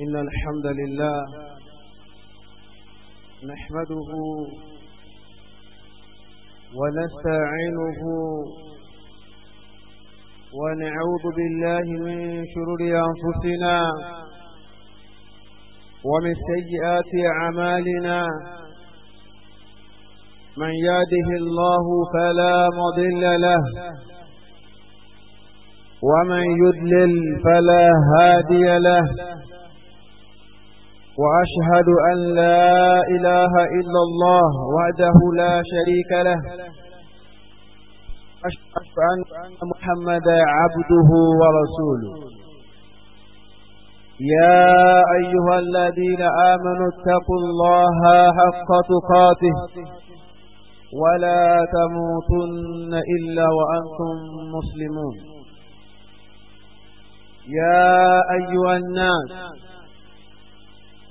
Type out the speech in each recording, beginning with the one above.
إن الحمد لله نحمده ونستعينه ونعوذ بالله من شرور أنفسنا ومن سيئات أعمالنا من يهده الله فلا مضل له ومن يدلل فلا هادي له وأشهد أن لا إله إلا الله وحده لا شريك له أشهد أن محمد عبده ورسوله يا أيها الذين آمنوا اتقوا الله حق تقاته ولا تموتن إلا وأنتم مسلمون يا أيها الناس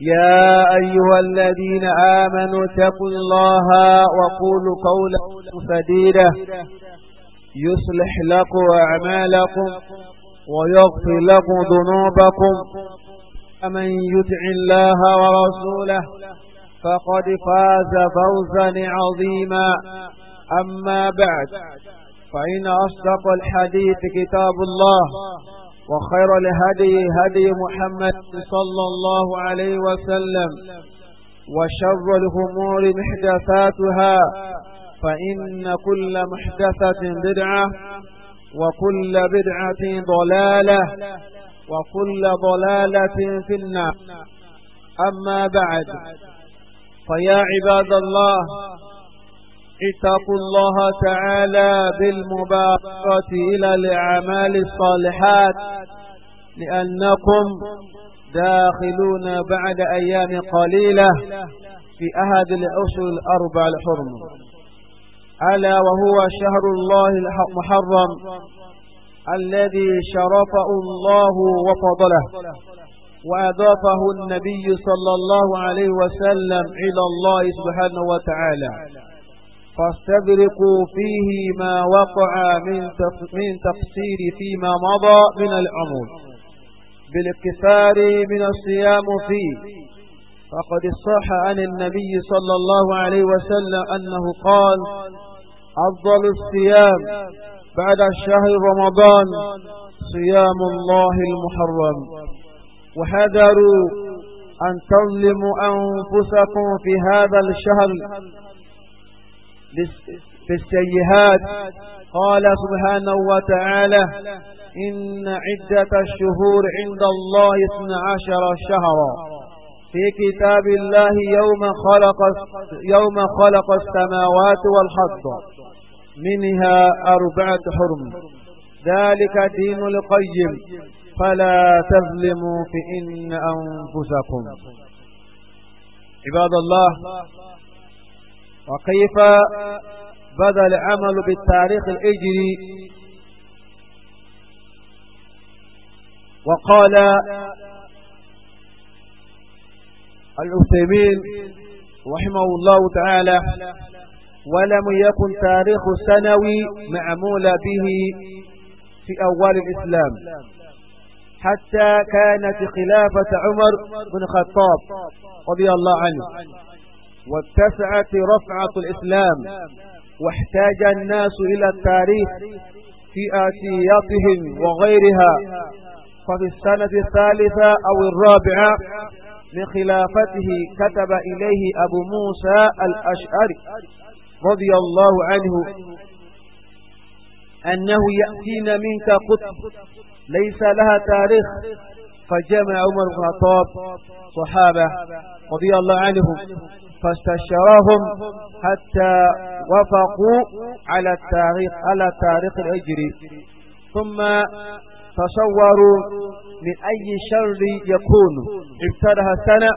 يا أيها الذين آمنوا اتقوا الله وقولوا قولا سديدا يصلح لكم أعمالكم ويغفر لكم ذنوبكم أمن يدع الله ورسوله فقد فاز فوزا عظيما أما بعد فإن أصدق الحديث كتاب الله وخير الهدي هدي محمد صلى الله عليه وسلم وشر الهمور محدثاتها فإن كل محدثة بدعة وكل بدعة ضلالة وكل ضلالة في النار أما بعد فيا عباد الله اتقوا الله تعالى بالمبارقة إلى الأعمال الصالحات لأنكم داخلون بعد أيام قليلة في أحد الأسر الأربع الحرم ألا وهو شهر الله المحرم الذي شرفه الله وفضله وأضافه النبي صلى الله عليه وسلم إلى الله سبحانه وتعالى فاستدرقوا فيه ما وقع من من تقصير فيما مضى من العمر بالاكتفار من الصيام فيه فقد صح عن النبي صلى الله عليه وسلم أنه قال أفضل الصيام بعد شهر رمضان صيام الله المحرم وحذروا أن تظلموا أنفسكم في هذا الشهر في السيئات قال سبحانه وتعالى إن عدة الشهور عند الله اثنى عشر شهرا في كتاب الله يوم خلق يوم خلق السماوات والحظ منها أربعة حرم ذلك دين القيم فلا تظلموا في إن أنفسكم عباد الله وكيف بدأ العمل بالتاريخ الإجري وقال العثيمين رحمه الله تعالى ولم يكن تاريخ سنوي معمول به في أول الإسلام حتى كانت خلافة عمر بن الخطاب رضي الله عنه واتسعت رفعة الإسلام واحتاج الناس إلى التاريخ في آتياتهم وغيرها ففي السنة الثالثة أو الرابعة لخلافته كتب إليه أبو موسى الأشعري رضي الله عنه أنه يأتينا منك قطب ليس لها تاريخ فجمع عمر بن الخطاب صحابة رضي الله عنهم فاستشراهم حتى وفقوا على التاريخ على التاريخ الهجري ثم تصوروا من أي شر يكون ابتدها السنة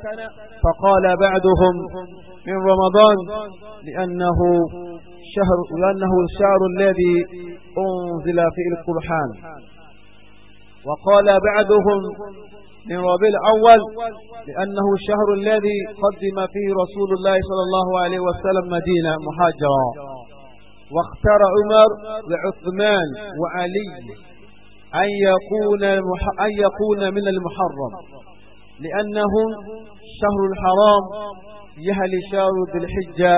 فقال بعدهم من رمضان لأنه شهر لأنه الشهر الذي أنزل في القرآن وقال بعدهم من ربيع الأول لأنه الشهر الذي قدم فيه رسول الله صلى الله عليه وسلم مدينة محاجرة واختار عمر وعثمان وعلي أن يكون, أن يكون من المحرم لأنه شهر الحرام يهل شهر ذي الحجة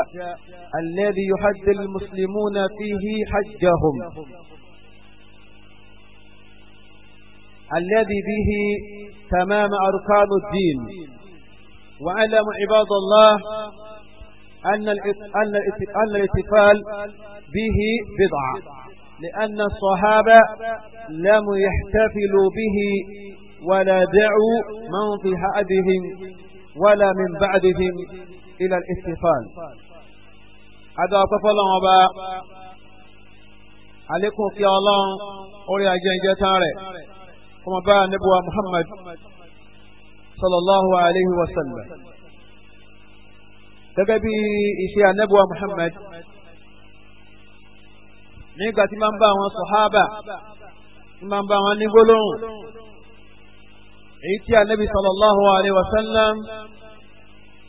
الذي يحدد المسلمون فيه حجهم الذي به تمام أركان الدين وألم عباد الله أن أن به بضعة لأن الصحابة لم يحتفلوا به ولا دعوا من في حأدهم ولا من بعدهم إلى الاحتفال هذا طفل عباء عليكم في الله أولي أجنجة تاري kọ́mọ bá anabiwa Muhammad sallallahu alayhi wa sallam gẹ́gẹ́ bí iṣẹ́ anabiwa Muhammad nígbà tí máa ń bá àwọn sọ̀hábà tí máa ń bá àwọn nígbólóhùn èyí tí anabi sallallahu alayhi wa sallam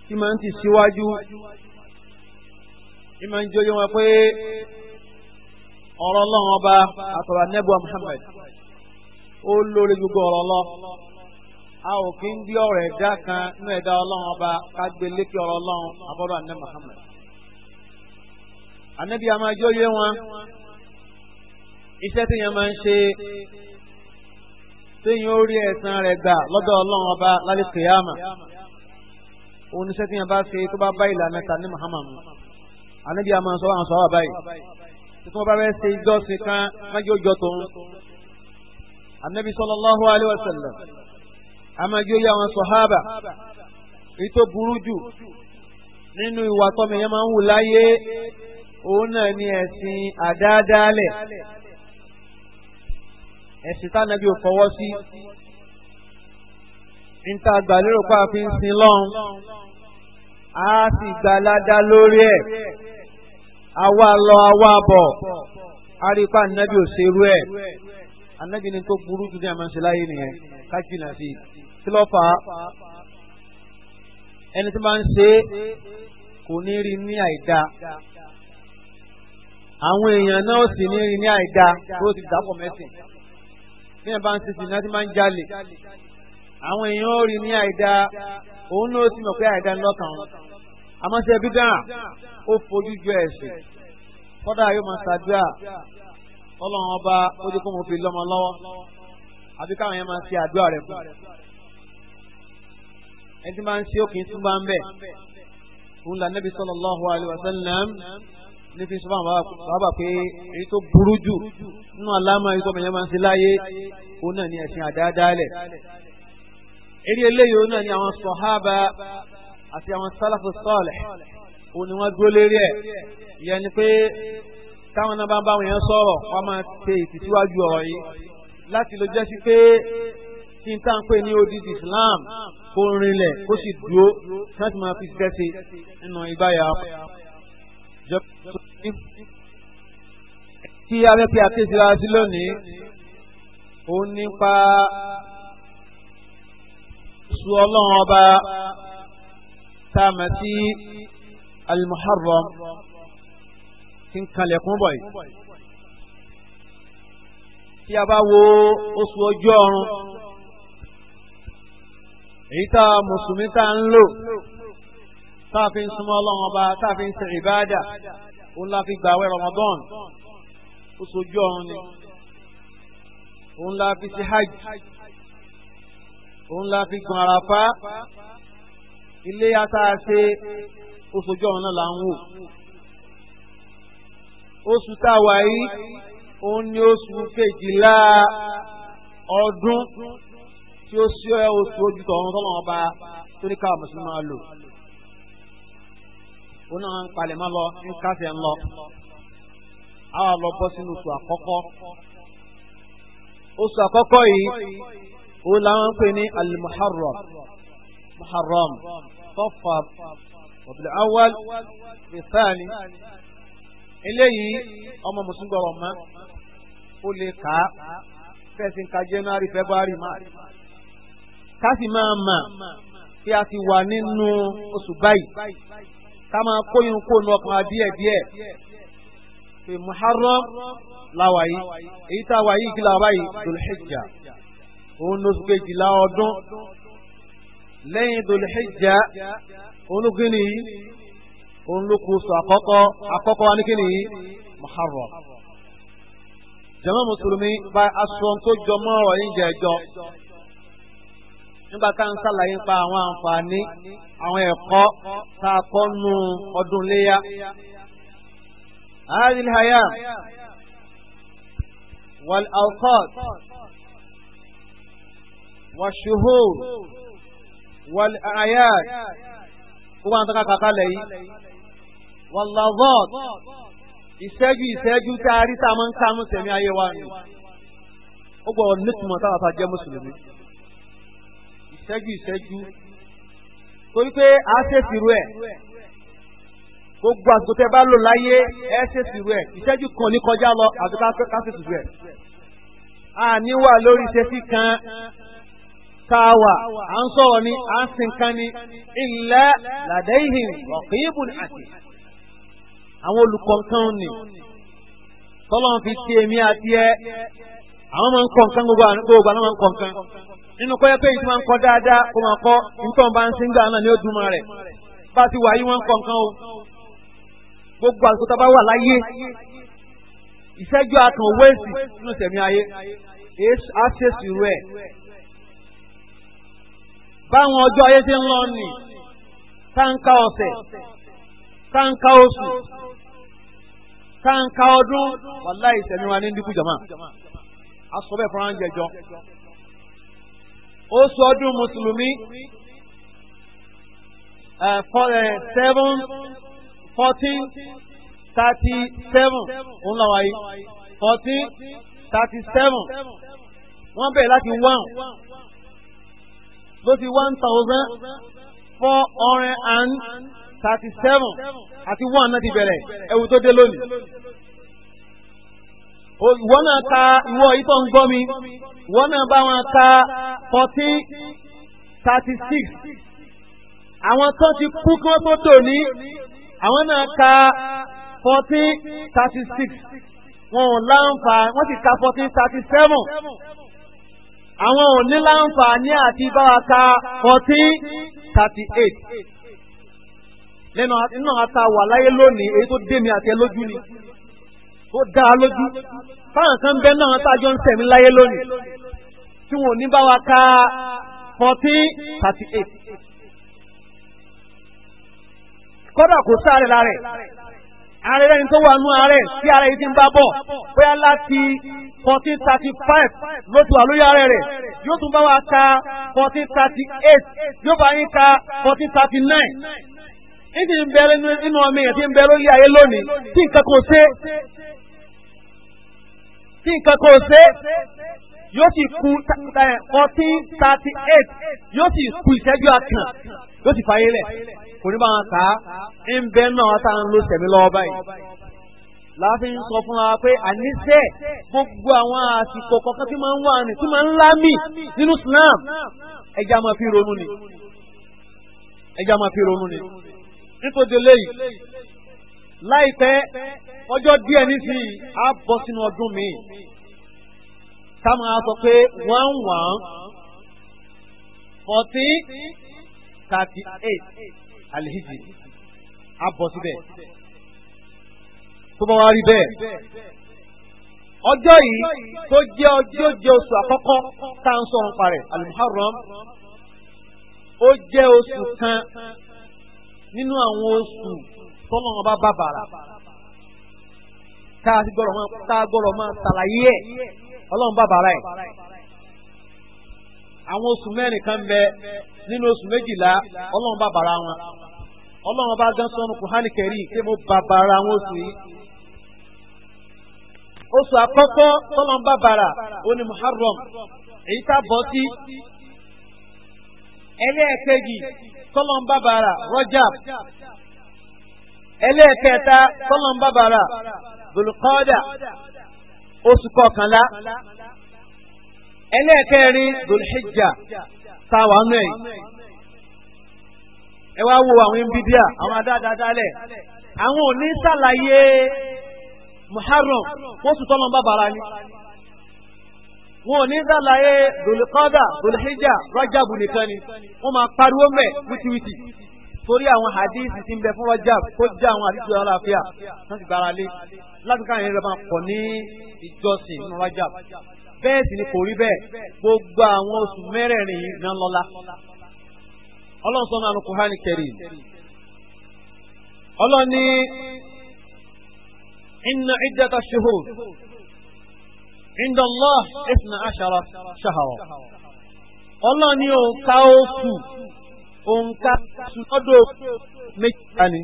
tí máa ń ti síwájú tí máa ń jóyó wọn pé ọ̀rọ̀ ọlọ́run ọba àtọ̀rọ̀ anabiwa Muhammad ó lórí gbogbo ọ̀rọ̀ lọ a ò kí ń gbé ọ̀rọ̀ ẹ̀dá kan nínú ẹ̀dá ọlọ́run ọba ká gbé lékè ọ̀rọ̀ ọlọ́run àbọ̀dọ̀ àná Muhammad ànábì a máa jó yé wọn iṣẹ́ tí yẹn máa ń ṣe téèyàn ó rí ẹ̀san rẹ̀ gbà lọ́dọ̀ ọlọ́run ọba lálẹ́ kìyàmà òun iṣẹ́ tí yẹn bá ṣe tó bá bá ìlànà ta ní Muhammad ànábì a sọ àwọn sọ wà báyìí tí wọ́n bá fẹ́ ṣe ìjọsìn kan májòjọ tòun anabi sallallahu alayhi wa sallam amadu yà wọn sọhábà ètò burú jù nínú ìwà tọmọ yẹn máa ń wù láyé òun náà ni ẹ̀sìn àdáadáalẹ̀ ẹ̀sìn tánàbí ò fọwọ́ sí níta gbàlérò pàápín sin lọ́hùn á sì gbalada lórí ẹ̀ àwa lọ àwa bọ̀ àríkà nàbí ò ṣerú ẹ̀ anabi ni tó burú ju ní amansilayi nìyẹn ká jìnnà sí i kílọ̀fà ẹni tó máa ń ṣe é kò ní rí ní àìda àwọn èèyàn náà sì ní rí ní àìda tó ti dàpọ̀ mẹ́sìn bí ẹ bá ń sisi náà ti máa ń jalè àwọn èèyàn ó rí ní àìda òun náà sì mọ̀ pé àìda ń lọ́kàn wọn àmọ́ sí ẹbí dáhà ó fojú ju ẹ̀sìn kọ́dà yóò máa ṣàdúrà ọlọ́run ọba ó dé kó mo fi lọ́mọ lọ́wọ́ àbí káwọn yẹn máa ṣe àdúrà rẹ̀ fún ẹni tí máa ń ṣe òkè tún bá ń bẹ̀ òun là nẹ́bí sallallahu alaihi wasallam ní fi sọ́mọ́ bàbá pé èyí tó burú jù nínú àlámà èyí tó ọmọ yẹn máa ń ṣe láyé òun náà ní ẹ̀sìn àdáadáalẹ̀ eré eléyìí òun náà ní àwọn sọ̀hábà àti àwọn sálàfù sọ́ọ̀lẹ̀ òun ni wọ́n dúró ẹ̀ ìyẹn ni pé táwọn náà bá ń bá wọn yẹn sọ̀rọ̀ wọn máa tẹ ìtìsíwájú ọ̀rọ̀ yìí láti lọ jẹ́ sí pé kí n táà ń pè ní odidi Islam kó rinlẹ̀ kó sì dúró láti máa fi gẹ́sẹ̀ nínú ìbáyà tí alẹ́ pé àkéjì sí lónìí ó nípa su ọlọ́run ọba tá a mọ̀ sí al tí ń kanlẹ̀kùn bọ̀ yìí tí a bá wo oṣù ọjọ́ ọrùn èyí tá a mùsùlùmí tá a ń lò tá a fi ń súnmọ́ ọlọ́run ọba tá a fi ń ṣe ìbáàdà òun la fi gbàwé Ramadan oṣù ojú ọrùn ni òun la fi ṣe hajj òun la fi gun àràfá ilé ata ṣe oṣù ojú ọrùn náà là ń wò oṣù táwa yìí òun ni oṣù kejìlá ọdún tí ó ṣe oṣù ojútọ ọ̀run tọ́lọ́wọ́n ọba tó ní káwọn mùsùlùmí máa lò ó náà ń palẹ̀ mọ́ lọ ń kásẹ̀ ń lọ á wà lọ bọ́ sínú oṣù àkọ́kọ́ oṣù àkọ́kọ́ yìí òun làwọn ń pè ní alimuharram muharram sọfà ọ̀bìlẹ̀ awal ìsáàni eléyìí ọmọ mùsùlùmí gbọ́rọ̀ mọ́ ó lè kà á fẹ́ẹ̀sì ń ka January February March ká sì máa mà kí a ti wà nínú oṣù báyìí ká máa kóyún kó nu ọkàn díẹ̀ díẹ̀ pé Muharram làwà yìí èyí tá a wà yìí kí làwà yìí Dhul-Hijja òun kejìlá ọdún lẹ́yìn Dhul-Hijja òun òun ló kó sọ àkọ́kọ́ àkọ́kọ́ wa ní kí nìyí muharram jama mùsùlùmí bá aṣọ tó jọ mọ́ ọ̀rọ̀ yín jẹ́ ẹjọ́ nígbà tá à ń sàlàyé nípa àwọn àǹfààní àwọn ẹ̀kọ́ tá a kọ́ nu ọdún léyà. Àádìlì Hayá wàl Alkot wàl Shuhur wàl Ayad gbogbo àwọn tó ká kàkálẹ̀ yìí wàlàvọ́t ìṣẹ́jú ìṣẹ́jú tá a rí tá a máa ń kánú sẹ̀mí ayé wa ni ó gbọ́dọ̀ nítumọ̀ táwọn afa jẹ́ mùsùlùmí ìṣẹ́jú ìṣẹ́jú torí pé a ṣe sírú ẹ̀ gbogbo àsìkò tẹ́ bá lò láyé ẹ ṣe sírú ẹ̀ ìṣẹ́jú kan ní kọjá lọ àti ká ṣe sírú ẹ̀ àníwà lórí ṣe sí kan tààwà à ń sọ̀rọ̀ ni à ń sìnkan ni illa ladayhim raqibun àti àwọn olùkọ́ nǹkan ni tọ́lọ́n fi ṣe mi ati ẹ awon ma n kọ́ nǹkan gbogbo gbogbo àwọn máa ń kọ́ nǹkan nínú kọ́yẹ́ pé ìtumọ̀ ń kọ́ dáadáa kó máa kọ́ nítorí bá ń sin gbà náà ní ó rẹ̀ bá ti wà yí wọ́n o gbogbo àsìkò tá a bá wà láyé ìṣẹ́jú àtàn wẹ́ẹ̀sì nínú tẹ̀mí ayé àṣẹ̀sì rẹ̀ báwọn ọjọ́ ayé ṣe ń lọ nì táǹkà ọ̀sẹ̀ táǹkà oṣù táǹkà ọdún wàláì ìṣẹ̀mí wa ní dínkù jàmá aṣọ bẹ́ẹ̀ fúnra oṣù ọdún mùsùlùmí seven fourteen thirty seven òun làwọn fourteen thirty seven wọ́n bẹ̀rẹ̀ láti one ló ti one thousand four hundred and thirty seven àti one náà ti bẹ̀rẹ̀ ẹ̀wù tó dé lónìí. ìwọ náà ta ìwọ yìí tó ń gbọ́ mi ìwọ náà bá wọn ta fourteen thirty six àwọn tó ti kú kí wọ́n tó tò ní àwọn náà ka fourteen thirty six wọn ò láǹfà wọ́n ti ka fourteen thirty seven àwọn òní láǹfààní àti báraka fourteen thirty eight lẹ́nu inú ata wà láyé lónìí èyí tó dé mi àti ẹ lójú ni tó dá a lójú fáwọn kan bẹ́ẹ̀ náà tájọ́ ń tẹ̀mí láyé lónìí tí wọn ò ní báraka fourteen thirty eight kódà kò sáré lára ẹ̀ ààrẹ rẹ̀ ní tó wà nú ààrẹ tí ààrẹ yìí ti ń bá bọ̀ bóyá láti fourteen thirty five ló ti wà lórí ààrẹ rẹ̀ yóò tún bá wa ka fourteen thirty eight yóò bá yín ka fourteen thirty nine ìdí ń bẹ̀rẹ̀ nínú ọmọ èèyàn tí ń bẹ̀rẹ̀ lórí ayé lónìí tí nǹkan kò ṣe tí nǹkan kò ṣe yóò sì kù eh, fourteen thirty eight yóò sì kù ìṣẹ́jú àkàn yóò ti fàyè lẹ̀ kò ní bá wọn kà ń bẹ́ náà tá à ń lo sẹ̀mí lọ́wọ́ báyìí láti ń sọ fún wa pé àníṣe gbogbo àwọn àsìkò kọ̀ọ̀kan tí máa ń wà ní tí máa ń lámì nínú Islam ẹja máa fi ronú ni ẹja máa fi ronú ni nítorí léyìí láìpẹ́ ọjọ́ díẹ̀ nísìnyí á bọ́ sínú ọdún mi ká máa sọ pé one one fourteen. 38 eight alihijiri a tó bá wá rí bẹ́ẹ̀ ọjọ́ yìí tó jẹ́ ọjọ́ jẹ́ oṣù àkọ́kọ́ tá à ń sọ̀rọ̀ nípa rẹ̀ ó wọn bàbàrà tá a máa àwọn oṣù mẹ́rin kan bẹ nínú oṣù méjìlá ọlọ́run bá bàrà wọn ọlọ́run bá gán sọ́nu kùhánì kẹrì pé mo bà bàrà wọn oṣù yìí. oṣù àkọ́kọ́ tọ́lọ́n bá bàrà ni muharram èyí tá bọ́ sí ẹlẹ́ẹ̀kejì tọ́lọ́n bá bàrà ẹlẹ́ẹ̀kẹta tọ́lọ́n bá bàrà ẹlẹ́ẹ̀kẹrin dòlùhíjà tá a wà nù ẹ̀ ẹ wá wo àwọn nbídíà àwọn adáadáadálẹ̀ àwọn òní sàlàyé muharram wọ́n sì tọ́lọ́ bàbàrà ni wọn ò ní sàlàyé dòlùkọ́dà dòlùhíjà rájàbù nìkan ni wọ́n máa pariwo mẹ́ wítíwítì torí àwọn hadith ti ń bẹ fún rajab kó jẹ́ àwọn hadith tó lálàáfíà wọ́n gbára lé láti káyọ̀ yẹn máa pọ̀ ní ìjọsìn nínú rajab. bẹ́ẹ̀ sì ni kò rí bẹ́ẹ̀ gbogbo àwọn oṣù mẹ́rẹ̀ẹ̀rin yìí náà lọ́lá ọlọ́run sọ́nà àlùkò hánì kẹrì ọlọ́run ní inna iddata shuhur inda Allah ashara shahara ọlọ́run ní òǹkà oṣù òǹkà oṣù méjìlá ni.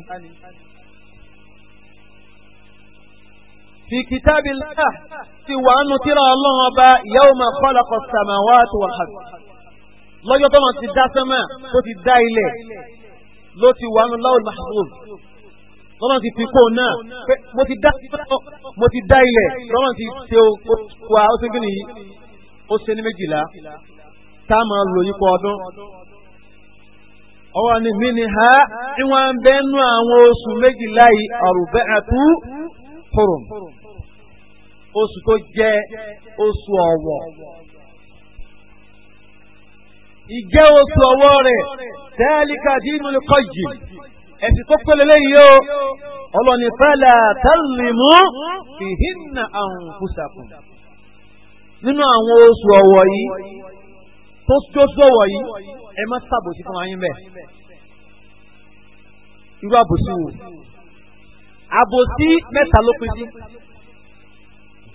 fi kitabillah ti wà nù tírà ọba yawma khalaqa samawati wal ard lọ́jọ́ ti dá sánmà tó ti dá ilẹ̀ ló ti wà nù lawul mahfuz lọ́nà ti ti dá mo ti ti ṣe ọwọ́ ni mí ha ìwọ̀n bẹ́ẹ̀ nú àwọn oṣù méjìlá yìí oṣù tó jẹ́ oṣù ọ̀wọ̀ ìjẹ́ oṣù ọ̀wọ̀ rẹ̀ tẹ́ẹ̀lìkà dínú lẹ́kọ́ yìí ẹ̀sìn tó pẹ́lẹ̀ lẹ́yìn o ọlọ́ni fẹ́lẹ̀ tẹ́lìmú ìhìnnà àwọn kùsàkùn nínú àwọn oṣù ọ̀wọ̀ yìí tó sọ́wọ́ yìí ẹ má ṣàbòsí fún ayé bẹ́ẹ̀ irú àbòsí wo àbòsí mẹ́ta ló pín sí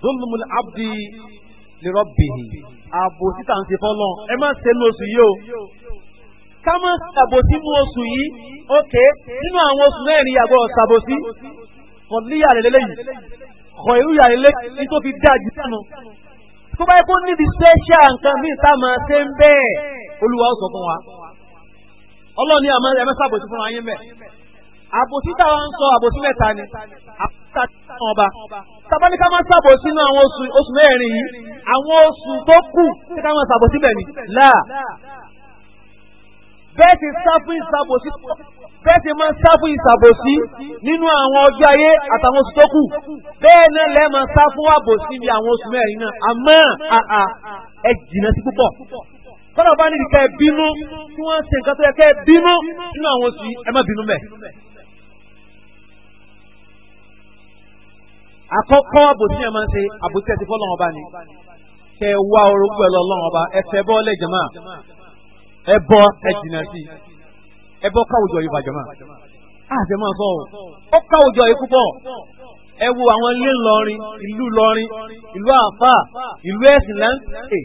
zulmul abdi li rabbihi ààbò títà ń ṣe fọlọ́ ẹ má ṣe ní oṣù yìí o ká má ṣàbòsí ní oṣù yìí ókè nínú àwọn oṣù mẹ́rin àgbọ̀ ṣàbòsí kọ̀ọ̀líyà rẹ̀ lélẹ́yìn kọ̀ọ̀líyà rẹ̀ lélẹ́yìn to fi dájú sánú tó bá yẹ kó níbi special nǹkan míì tá a máa ṣe ń bẹ́ẹ̀ olúwa ó sọ fún wa ọlọ́ọ̀ni àmọ́ ẹ má ṣàbòsí fún wa yín bẹ́ẹ̀ àbòsí táwọn ń sọ àbòsí mẹ́ta ni àbòsí àtàwọn ọba tàbí ká máa ṣàbòsí nínú àwọn oṣù mẹ́rin yìí àwọn oṣù tó kù kí ká máa ṣàbòsí bẹ́ẹ̀ ni láà bẹ́ẹ̀ ti sá fún ìṣàbòsí bẹ́ẹ̀ ti máa sá fún ìṣàbòsí nínú àwọn ọjọ́ ayé àtàwọn oṣù tó kù bẹ́ẹ̀ náà lẹ́ẹ̀ máa sá fún àbòsí ní àwọn oṣù mẹ́rin náà àmọ́ àà ẹ jìnnà sí púpọ̀ tọ́lọ̀ bá ní ìkẹ́ bínú tí wọ́n ṣe nǹkan tó yẹ kẹ́ bínú nínú àwọn oṣù ẹ má bínú bẹ́ẹ̀. àkọ́kọ́ àbòtí ẹ̀ máa ń ṣe àbòtí ẹ̀ ti fọ́ lọ́wọ́ bá ni kẹ wá orogún ẹ lọ lọ́wọ́ bá ẹ fẹ́ bọ́ lẹ́jọ̀mọ́ ẹ bọ́ ẹ jìnà sí ẹ bọ́ káwùjọ yìí bàjọ́mọ́ àti ẹ máa sọ o ó káwùjọ yìí púpọ̀ ẹ wo àwọn ilé ńlọrin ìlú lọrin ìlú àfà ìlú ẹ̀sìn lẹ́ńtẹ̀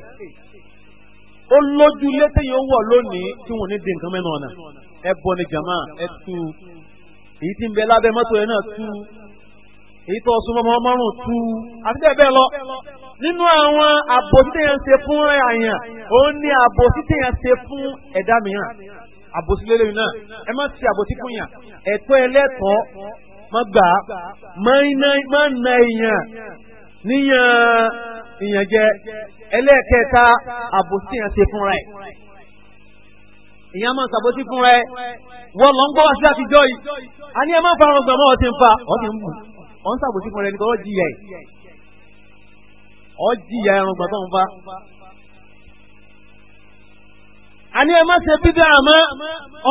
ó lójú ilé téèyàn wọ̀ lónìí tí wọ́n ní di nǹkan mẹ́nu ọ̀nà ẹ bọ́ ni jàmá ẹ tu èyí tí ń bẹ lábẹ́ mọ́tò yẹn náà tu èyí tó súnmọ́ ọmọ márùn-ún tú àti bẹ́ẹ̀ bẹ́ẹ̀ lọ nínú àwọn àbòsí téèyàn ṣe fún àyàn ó ní àbòsí téèyàn ṣe fún ẹ̀dá mìíràn àbòsí lélẹ́yìn náà ẹ má ṣe àbòsí fún yàn ẹ̀tọ́ ẹlẹ́tọ̀ọ́ má gbà má na èèyàn níyàn ìyàn jẹ ẹlẹ́ẹ̀kẹta àbòsí téèyàn ṣe fúnra ẹ̀ ìyẹn máa ń ṣàbòsí fúnra ẹ̀ wọ́n lọ ń gbọ́ wá sí àtijọ́ yìí a ẹ má fara ọgbà mọ́ ọtí ń fa ọtí ń bù ọ̀n sàbòsí fún ẹni tó jìyà ẹ̀ ọ̀ jìyà ẹ̀rùn gbọ̀n tó ń fa. àní ẹ má ṣe bídà àmọ́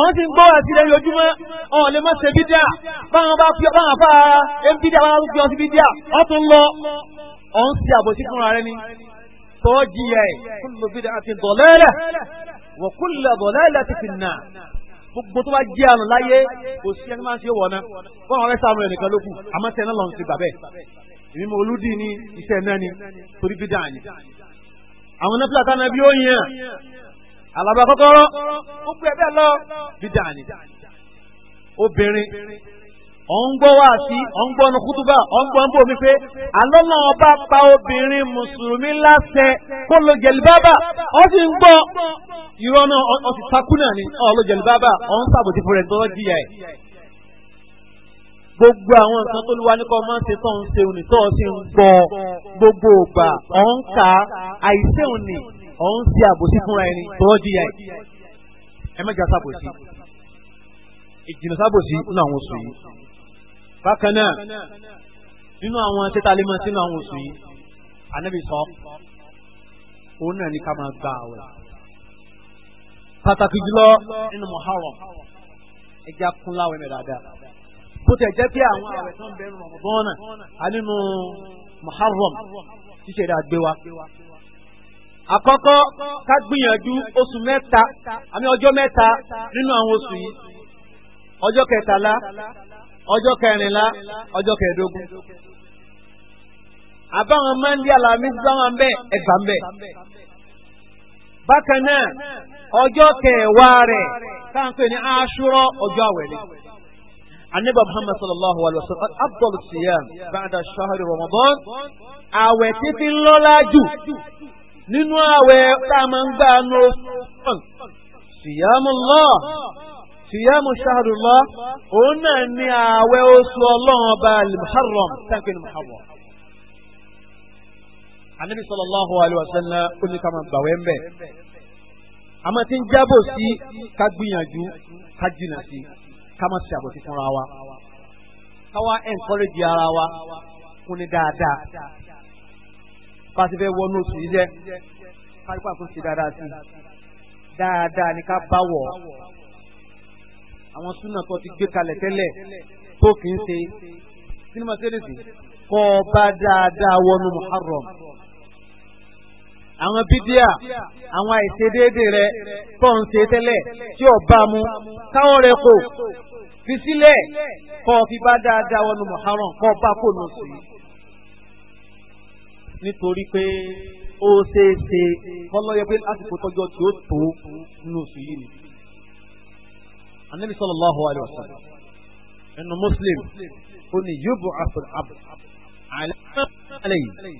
ọ̀n ti ń gbọ́ ẹ̀sìn rẹ̀ lójúmọ́ ọ̀n lè má ṣe bídà báwọn bá fi báwọn bá ẹ̀ ń bídà báwọn fi ọtí bídà ọ̀tún lọ ọ̀n ṣe àbòsí fúnra rẹ̀ ni tó jìyà ẹ̀ kullu bid'atin dalalah wa kullu dalalatin fin nar gbogbo tó bá jẹ́ àrùn láyé kò sí ẹni máa ń ṣe wọ̀ náà wọ́n àwọn ẹ̀sán àmọ́ ẹnìkan ló kù àmọ́ tẹ náà lọ́n ti gbà èmi mo olúdi ní iṣẹ́ náà ni torí bí dáa ni. àwọn nọ́pìlà táwọn ẹbí ó yàn alàbà kọ́kọ́rọ́ ó pè bẹ́ẹ̀ lọ bí dáa ni. obìnrin ọ̀ngbọ́ wà sí ọ̀ngbọ́nu kútúbà ọ̀ngbọ́n bò mí pé alọ́nà ọba pa obìnrin mùsùlùmí láṣẹ kó lo jẹ̀lìbábà ó sì ń gbọ́ irọ́ náà ó sì takú náà ni ó lo jẹ̀lìbábà ó ń sàbòtí fún rẹ̀ tọ́lọ́ jìyà ẹ̀. gbogbo àwọn nǹkan tó lúwa ní kọ́ máa ń ṣe tán ń ṣe òní tó sì ń gbọ́ gbogbo ògbà ó ń ka àìsẹ́ òní ó ń ṣe àbòsí fúnra ìjìnà sàbòsí nínú àwọn oṣù yìí bákan náà nínú àwọn tẹ́tàlémọ́ sínú àwọn oṣù yìí ànábì sọ òun náà ní ká máa gba àwẹ̀ pàtàkì jùlọ nínú Muharram ẹja kún láwọn ẹ̀mẹ̀ dáadáa bó tẹ̀ jẹ́ pé àwọn àwẹ̀ tó ń bẹ̀rù Ramadan a nínú Muharram ṣíṣe dáa gbé wa àkọ́kọ́ ká gbìyànjú oṣù mẹ́ta àmì ọjọ́ mẹ́ta nínú àwọn oṣù yìí ọjọ́ kẹtàlá ọjọ́ kẹrìnlá ọjọ́ kẹẹ̀ẹ́dógún àbáwọn mandi alamis báwọn bẹ ẹgbà ń bẹ bákan náà ọjọ́ kẹwàá rẹ̀ káńpé ní ọjọ́ àwẹ̀lẹ̀ anabi muhammad sallallahu alaihi wa sallam abdul siyam ba'da shahri ramadan àwẹ̀ siyamu shahrullah òun náà ní ààwẹ̀ oṣù ọlọ́run ọba al-muharram tẹ́kìn muharram. anabi sallallahu alayhi wa sallam ó ní ká máa gbàwẹ̀ ń bẹ̀. àmọ́ tí ń jábọ̀ sí ká gbìyànjú ká jìnnà sí ká máa ṣe àbòsí fúnra wa. ká wá encourage ara wa fún ni dáadáa. bá a ti fẹ́ wọnú oṣù yìí jẹ́ ká rí pàtó ṣe dáadáa sí dáadáa ni ká bá wọ̀ àwọn súnà tó ti gbé kalẹ̀ tẹ́lẹ̀ tó kì í ṣe sinima sẹ́rẹ̀sì kọ́ ọ bá dáadáa wọnú muharram àwọn bídíà àwọn àìṣedéédé rẹ tó ń ṣe tẹ́lẹ̀ tí ò bá mu káwọn rẹ kò fi sílẹ̀ kọ́ ọ fi bá dáadáa wọnú muharram kọ́ ọ bá kò nù sí nítorí pé ó ṣeé ṣe kọ́ lọ́yọ́ pé lásìkò tọ́jọ́ tí ó tó nù sí yìí nìyí anabi sallallahu alayhi wa sallam ẹnu muslim ó ní yóò afur abu alayi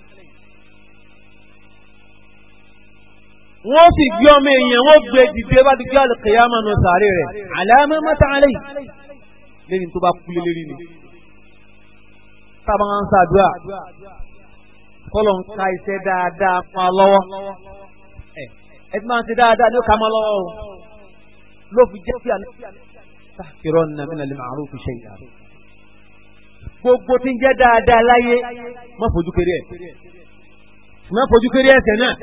wọ́n sì gbé ọmọ èèyàn wọ́n gbé dìde bá ti gbé alùkìyàmọ̀ nù sàárè rẹ̀ àlàmọ́ mọ́ta alayi lẹ́yìn tó bá kú lélẹ́rí ni sábà ń ṣàdúrà kọ́lọ̀ ń ka iṣẹ́ dáadáa pa lọ́wọ́ ẹ ti máa ń ṣe dáadáa ló ka mọ́ lọ́wọ́ o ló fi jẹ́ fíà sáfìrọ́ nà mí nàlẹ́ màrún fi ṣe ìyá. gbogbo tí ń jẹ́ dáadáa láyé má fojú kéré ẹ̀ má fojú kéré ẹsẹ̀ náà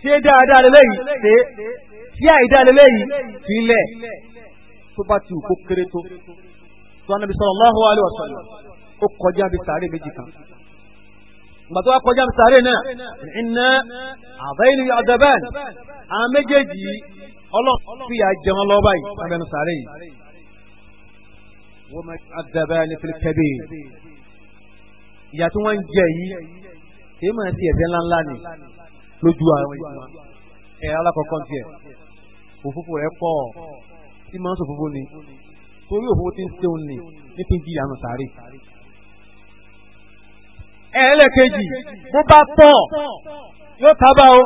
ṣé dáadáa lélẹ́yìí ṣe ṣé àìdáa lélẹ́yìí sílẹ̀ tó bá ti wù kó kéré tó tó anabi sallallahu alaihi wasallam ó kọjá bí sàárè méjì kan gbàtọ́ wa kọjá bí sàárè náà ìnà àbẹ́yìn àdàbẹ́n àwọn méjèèjì ọlọ́run fi àjẹ wọn lọ́ọ́ báyìí abẹnú sàárẹ̀ yìí wọ́n máa àdàbẹ́ àlefẹ́lẹ́ kẹ́bẹ́ ìyá tí wọ́n ń jẹ yìí èyí máa ti ẹ̀sẹ̀ ńláńlá ni lójú àwọn ìgbìmọ̀ ẹ̀ alákọ̀ọ́kọ́ tiẹ̀ òfófó rẹ̀ pọ̀ tí máa ń sòfófó ni torí òfófó ti ń sẹ́wọ̀n ni nípìn jí ìyànà sàárẹ̀. bó bá pọ̀ yóò tábà o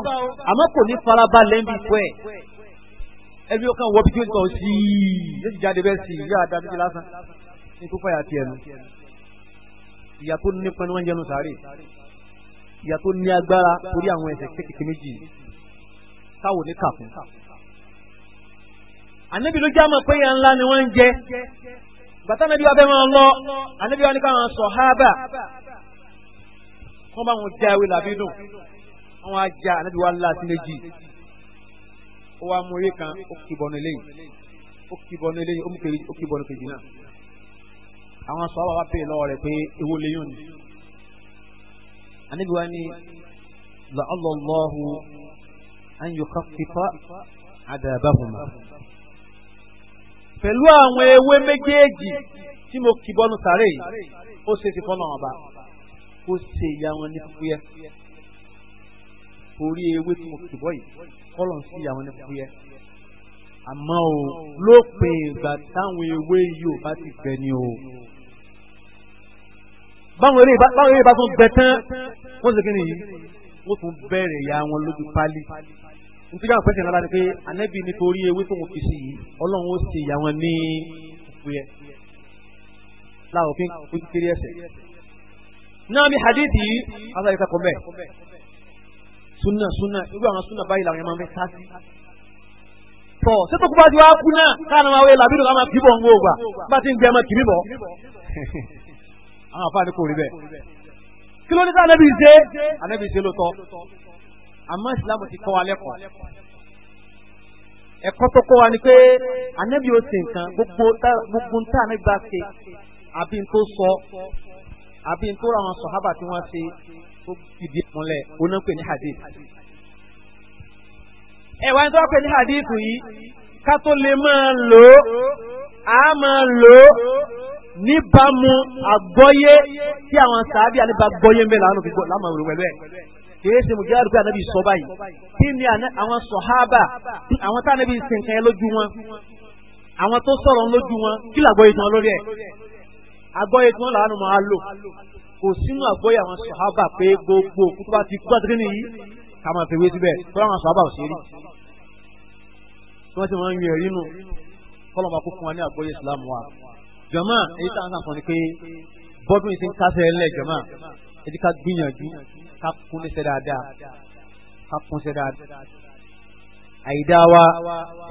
àmọ́ kò ní farabalẹ̀ ń bí pẹ́ ẹbí ó kàn wọ bí tí ó ti tọ̀ sí i yóò ti jáde bẹ́ẹ̀ sí i yóò àdá méjì lásán ní kó fàyà tiẹ̀ nu ìyà tó nípa ni wọ́n jẹnu sáré ìyà tó ní agbára torí àwọn ẹsẹ̀ kékeré méjì táwọn ní kàkún. ànábì ló já mọ̀ pé ìyà ńlá ni wọ́n ń jẹ bàtà nàbí wa bẹ́ẹ̀ máa lọ ànábì wa ní káwọn sàhábà kọ́ bá wọn já làbí dùn àwọn ajá ànábì wa ńlá sí méjì ó wá mú eré kan ó kì bọ́nu eléyìí ó kì bọ́nu eléyìí ó mú kejì ó kì bọ́nu kejì náà àwọn sọ wàá pè lọ́wọ́ rẹ̀ pé ewo lẹ́yìn ni anabi ni la alọ́lọ́hu an yukhaffifa adabahuma pẹ̀lú àwọn ewé méjèèjì tí mo kì bọ́nu sàárè yìí ó ṣe ti fọ́nà ọba ó ṣe ìyá wọn ní fúfúyẹ́ torí ewé tí mo fi bọ́ yìí kọ́lọ̀ sí àwọn ẹni fúyẹ́ àmọ́ o lópin ìgbà táwọn ewé yìí ò bá ti gbẹ ni o. báwọn eré bá tún bẹ tán wọ́n ṣe kí nìyí wọ́n tún bẹ̀rẹ̀ ya wọn lójú pálí nítorí àwọn pẹ́sẹ̀ ńlá ni pé ànábì nítorí ewé tó ń fi sí yìí ọlọ́run ó ṣe ìyá wọn ní ìfúyẹ́ láwọn òfin kúkú kéré ẹsẹ̀. náà mi hadith yìí wọ́n sáré Suna, suna. irú àwọn suna báyìí làwọn yẹn máa ń fẹ́ sá sí. tọ sẹ́tọ̀ kó bá ti wá kú náà káàná máa wẹ̀ làbí lọ́la máa kì í bọ̀ ń wò wà bá ti ń gbẹ máa kì í bọ̀. àwọn afáàní kò rí bẹ́ẹ̀. kí ló ní ká anábì ṣe anábì ṣe ló tọ́ àmọ́ ìsìlámù ti kọ́ wa lẹ́kọ̀ọ́ ẹ̀kọ́ tó kọ́ wa ni pé anábì ó sì nǹkan gbogbo ń tà nígbà ṣe àbí ń tó sọ àbí ń tó ra àwọn sọ̀hábà ó fìdí múlẹ̀ ó náà pè ní hadith. ẹ̀wá ní tó wá pè ní hadith yìí ká tó lè máa lò ó a máa lò ó níbàámu àgbọ́yé tí àwọn sàábì àlebà gbọ́yé ń bẹ làwọn òfin gbọ́ làwọn òrùn pẹ̀lú ẹ̀ kìí ṣe mo jáde pé ànábì sọ báyìí kí ni àwọn sọ̀hábà àwọn tá ànábì sìnkàn yẹn lójú wọn àwọn tó sọ̀rọ̀ lójú wọn kí làgbọ́yé tí wọn lórí ẹ̀ àgbọ́yé tí wọn máa lò kò sínú àgbọ́yé àwọn sọ̀hábà pé gbogbo òkú tó bá ti gbọ́ àtẹ́kẹ́ nìyí ká máa fi wé síbẹ̀ tó láwọn sọ̀hábà ò ṣe rí tí wọ́n ti máa ń yọ ẹ̀rí nù kọ́lọ̀ máa kó fún wa ní àgbọ́yé Islam wa jọ̀mọ́ èyí tá à ń sàn ni pé bọ́dún ìsìn kásẹ̀ ẹlẹ́ jọ̀mọ́ èyí ká gbìyànjú ká kún ní sẹ́ ká kún sẹ́ dáadáa àyídá wa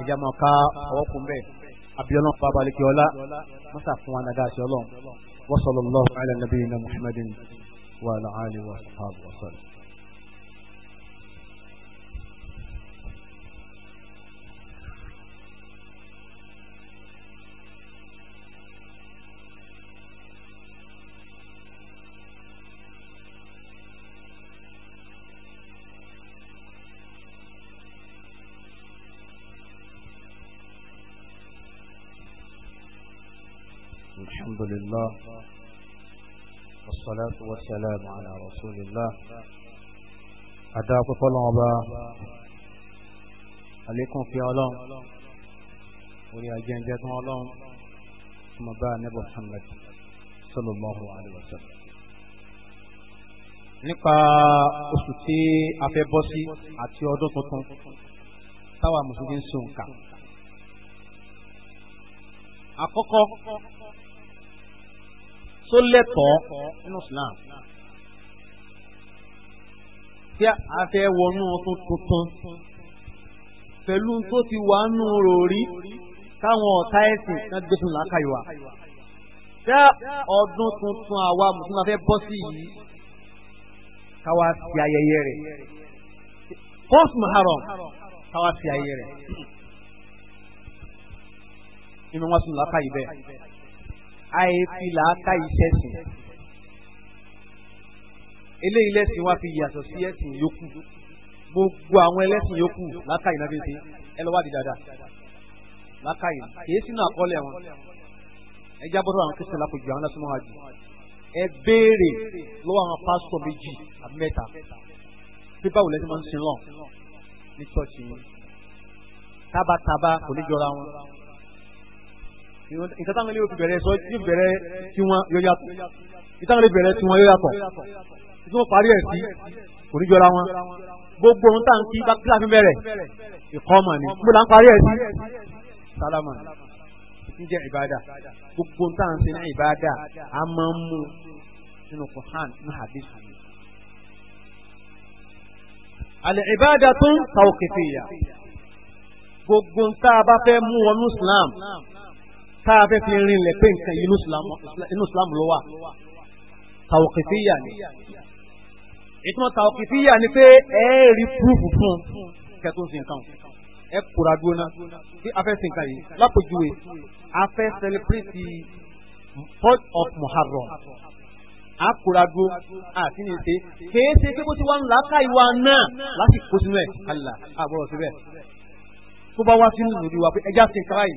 ìjà máa ká ọwọ́ kún bẹ́ẹ̀ abiyọ́lọ́ وصلى الله على نبينا محمد وعلى آله وصحبه وسلم الحمد لله والصلاة والسلام على رسول الله أدعوك فلان أبا عليكم في علام ولي أجنجة علام ثم باع نبي محمد صلى الله عليه وسلم nípa oṣù tí a fẹ́ bọ́ sí àti ọdún tuntun táwa mùsùlùmí ń sùn kà. àkọ́kọ́ tó lẹ́tọ̀ọ́ nínú Islam tí a fẹ́ wọnú ọtún tuntun pẹ̀lú tó ti wà nù ròrí táwọn ọ̀tá ẹ̀sìn kan dé fún làákàyọ̀ wa. Ṣé ọdún tuntun àwa Mùsùlùmí fẹ́ bọ́ sí yìí káwa sí ayẹyẹ rẹ̀? First Muharram káwa sí ayẹyẹ rẹ̀. Ìmọ̀ wọn sùn làákàyè bẹ́ẹ̀ àìfi làákà iṣẹ́ sìn eléyìí lẹ́sìn wá fi yàtọ̀ sí ẹ̀sìn yòókù gbogbo àwọn ẹlẹ́sìn yòókù làákà yìí náà fi ṣe ẹ lọ́wọ́ yìí kìí sínú àkọọ́lẹ̀ wọn ẹ jábọ́dọ̀ àwọn kristian lápòjù àwọn lásìmọ́ wa jù ẹ béèrè lọ́wọ́ àwọn pásítọ̀ méjì àbí mẹ́ta pé báwo lẹ́sìn máa ń sin lọ ní ṣọ́ọ̀ṣì yìí tábàtábà kò ní jọra wọn nǹkan táwọn ilé yóò fi bẹ̀rẹ̀ sọ yóò fi bẹ̀rẹ̀ tiwọn yóò yàtọ̀ ìtàwọn ilé bẹ̀rẹ̀ tiwọn yóò yàtọ̀ tí wọ́n parí ẹ̀ sí kò ní jọra wọn gbogbo ohun tá à ń kí bá kíláàfin bẹ̀rẹ̀ ìkọ́ ọmọ ni mo là ń parí ẹ̀ sí sálámà ń jẹ́ ìbáadà gbogbo ohun tá à ń ṣe ní ìbáadà a máa ń mú nínú Qur'an ní hadith al-ibadatun tawqifiyya gbogbo ohun tá a bá fẹ́ mú wọnú Islam tá a fẹ́ fi rinlẹ̀ pé nǹkan inú islam ló wà tàwọ̀kìfìyà ni ìtumọ̀ tàwọ̀kìfìyà ni pé ẹ rí púrúfù fún kẹtún sí nǹkan ẹ kóra dúró náà bí a fẹ́ sí nǹkan yìí lápòjúwe a fẹ́ sẹlẹ̀pírẹ́tì fourth of muharram a àti ní ṣe kèé ṣe pé kó ń làákà ìwà náà láti kó sínú ẹ̀ kálá àbọ̀rọ̀ síbẹ̀ tó bá wá sínú ìlú wa pé ẹja sí nǹkan báyìí.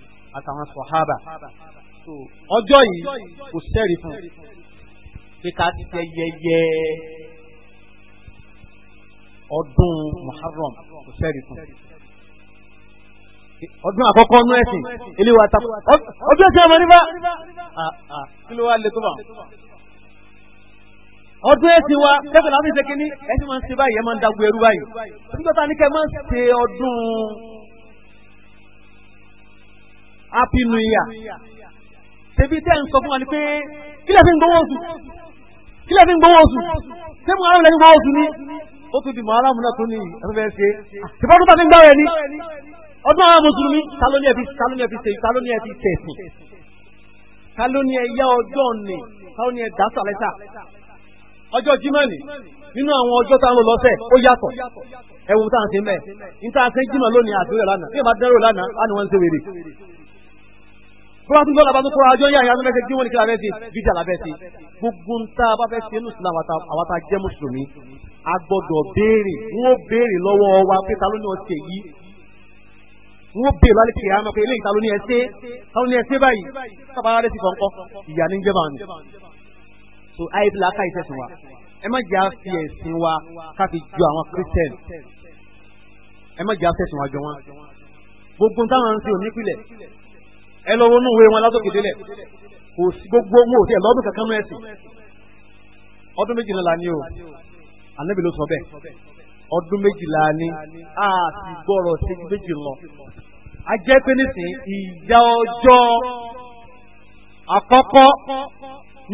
àtàwọn sọ̀hábà ọjọ́ yìí kò sẹ́rì fún pé ká ti tẹ yẹyẹ ọdún Muharram kò sẹ́rì fún ọdún àkọ́kọ́ nú ẹ̀sìn eléwà àtàkù ọdún ẹ̀sìn ọmọ nípa kí ló wá lè tó bá ọdún ẹ̀sìn wa kẹ́kọ̀ọ́ láti ṣe kínní ẹ̀sìn máa ń ṣe báyìí ẹ̀ máa ń dagbo ẹrú báyìí nígbà tá a ní kẹ́ máa ń ṣe ọdún. happy new year ṣebí tẹ́ ń sọ fún wa ni pé kí lẹ́fí ń gbowó oṣù kí ń gbowó ni ó di aláwọ̀ náà tó ní ẹ̀fẹ́ ṣe ṣèpá tó bá fi ń ni ọdún àwọn mùsùlùmí ta ló ní ẹ fi ta ló ní ẹ ni ta ló ní ẹ dá sàlẹ́sà ọjọ́ nínú àwọn ọjọ́ tá ń lò lọ́sẹ̀ ó yàtọ̀ ẹ̀wù tá à ń ṣe mẹ́ẹ̀ à ń ṣe lónìí bọ́lá tún lọ́la bá tún kóra ọjọ́ yá ìyá mẹ́fẹ́ tí wọ́n ní kí lábẹ́ sí bíjà lábẹ́ sí gbogbo ń tá a bá fẹ́ ṣe nù sí làwọn àwọn tá a jẹ́ mùsùlùmí a gbọ́dọ̀ béèrè wọ́n béèrè lọ́wọ́ wa pé ta ló ní ọtí èyí wọ́n béèrè lálẹ́ kìí àmọ́ pé eléyìí ta ló ní ẹsẹ́ ta ló ní ẹsẹ́ báyìí sábà rárá sí kọ̀ọ̀kọ́ ìyá ní jẹ́ báwọn. so ayé ti la ká ìṣẹ̀sìn wa ẹ má jẹ́ àfi ẹ lọ ronú ìwé wọn látòkè délẹ̀ kò sí gbogbo wọn ò sí ẹ̀ lọ́dún kankan nú ẹ̀sìn ọdún méjìlá ni o ànábì ló sọ bẹ́ẹ̀ ọdún méjìlá ni a sì gbọ́rọ̀ sí méjì lọ. a jẹ́ pé nísìn ìjà ọjọ́ àkọ́kọ́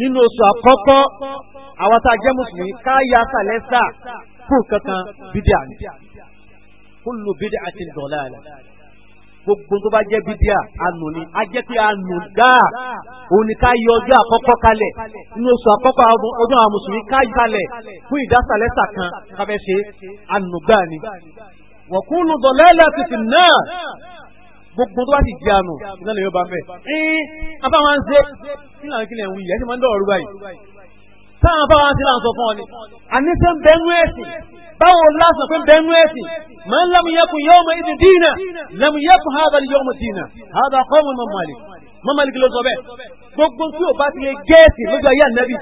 nínú oṣù àkọ́kọ́ àwọn tá a jẹ́ mùsùlùmí káyà sàlẹ́sà kú kankan bídíà ni kúlù bídíà ti dọ̀là rẹ̀ gbogbo tó bá jẹ́ bídíà ànù ni a jẹ́ pé ànù dáa òun ni ká yọ ọjọ́ àkọ́kọ́ kalẹ̀ nínú oṣù àkọ́kọ́ ọjọ́ àwọn mùsùlùmí ká yọ kalẹ̀ fún ìdásàlẹ́sà kan káfẹ́ ṣe ànù gbáà ni. wọ̀kúnlù dọ̀lẹ́lẹ̀ tuntun náà gbogbo tó bá ti di ànù iná lè yọ bá mẹ́. ẹ̀ẹ́n afá máa ń ṣe kí làwọn kí lè ń wuyì ẹ̀ ti máa ń dọ̀rọ̀ rúbáyì. táwọn báwo lásán pé bẹnu ẹsìn máa ń lámúyẹkùn yóò mọ ìdí dínà lámúyẹkùn hábàlì yóò mọ dínà hábà kọ́mù mọ màlìk mọ màlìk ló sọ bẹ́ẹ̀ gbogbo tí o bá ti lè gẹ́ẹ̀sì lójú ayé ànábì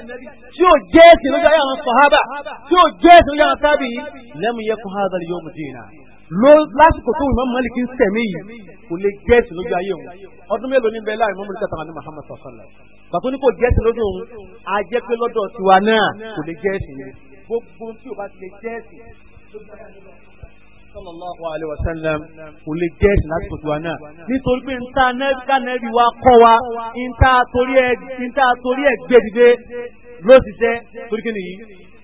tí o gẹ́ẹ̀sì lójú ayé àwọn sọ̀hábà tí o gẹ́ẹ̀sì lójú àwọn tábì yìí lámúyẹkùn hábàlì yóò mọ dínà ló lásìkò tó ìmọ̀ màlìk ń sẹ̀mí yìí kò lè gẹ́ẹ̀sì lójú ayé òun ọdún mélòó ní bẹ́ẹ̀ láàrin mọ́mọ́lì kẹta ní Muhammad sallallahu alaihi ní kò gẹ́ẹ̀sì lójú òun ajẹ́pẹ́ lọ́dọ̀ tiwa náà kò lè gẹ́ẹ̀sì yìí gbogbo tí o bá ti lè jẹ́ ẹ̀sìn tó bí wọ́n sallallahu alayhi wa sallam kò lè jẹ́ ẹ̀sìn láti tòtò wa náà nítorí pé nta nẹ́bí wa kọ́ wa nta torí ẹ̀ gbé dìde ló ti jẹ́ torí kí nìyí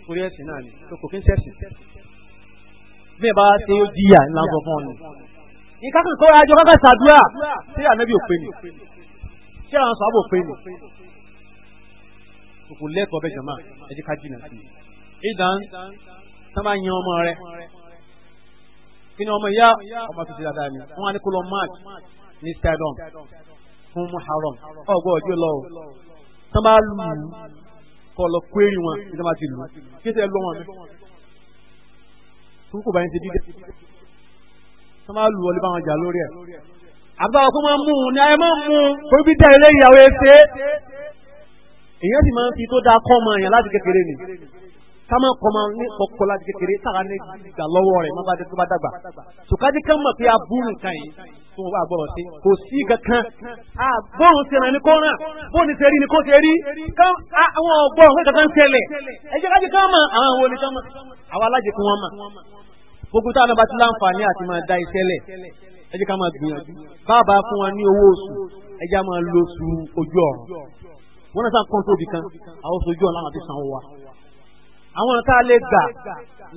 torí ẹ̀sìn náà ni kò kí ń ṣẹ̀sìn bí ẹ bá ṣe ó jìyà ńlá sọ fún ọ ni. nǹkan kan kọ́ ajọ kankan ṣàdúrà ṣé ànábì òpin ni ṣé àwọn sọ òpin ni kò lẹ́tọ̀ọ́ jọ̀mọ́ ẹ ká jìnnà sí i. Idan, sábà yan ọmọ rẹ kí ni ọmọ ìyá ọmọ tó ti dáadáa ni wọn á ní kó lọ march ní stadium fún muharram ọgbọ ọjọ lọ o sábà lù ú kọ lọ kwéri wọn ní sábà ti lù ú kí ẹ lọ wọn mi kúkú báyìí ti dídé sábà lù ọlẹ́ wọn jà lórí ẹ̀ àbúrò kó máa mú un ní ayé máa mú un kó bí dá ilé ìyàwó ẹ ṣe èyí sì máa ń fi tó dáa kọ́ ọmọ yẹn láti kékeré ni kama kọma ní kọkọla kékeré taga ní ga lọ́wọ́ rẹ̀ maba de tuba dàgbà sukadi kan ma pe a bunu kan ye ko a gbọ́dọ̀ se ko si ka kan a bọn sẹnẹ ni kọnna bọn ni seri ni ko seri kan a awọ bọn ko ka kan ṣẹlẹ̀ ẹ jẹ́ kadi kan ma àwọn wele kan ma àwa lajẹ kun wa ma gbogbo tí a nà bá ti láǹfààní àti máa da iṣẹ́ lẹ̀ ẹ jẹ́ ká máa gbìyànjú báàbá fún wa ní owó oṣù ẹ jẹ́ á máa lo oṣù ojú ọ̀run wọn náà sàn kọ́ńtò bìkan àwọn oṣù ojú ọ̀run láwọn àti sanwó wa àwọn tá a lè gbà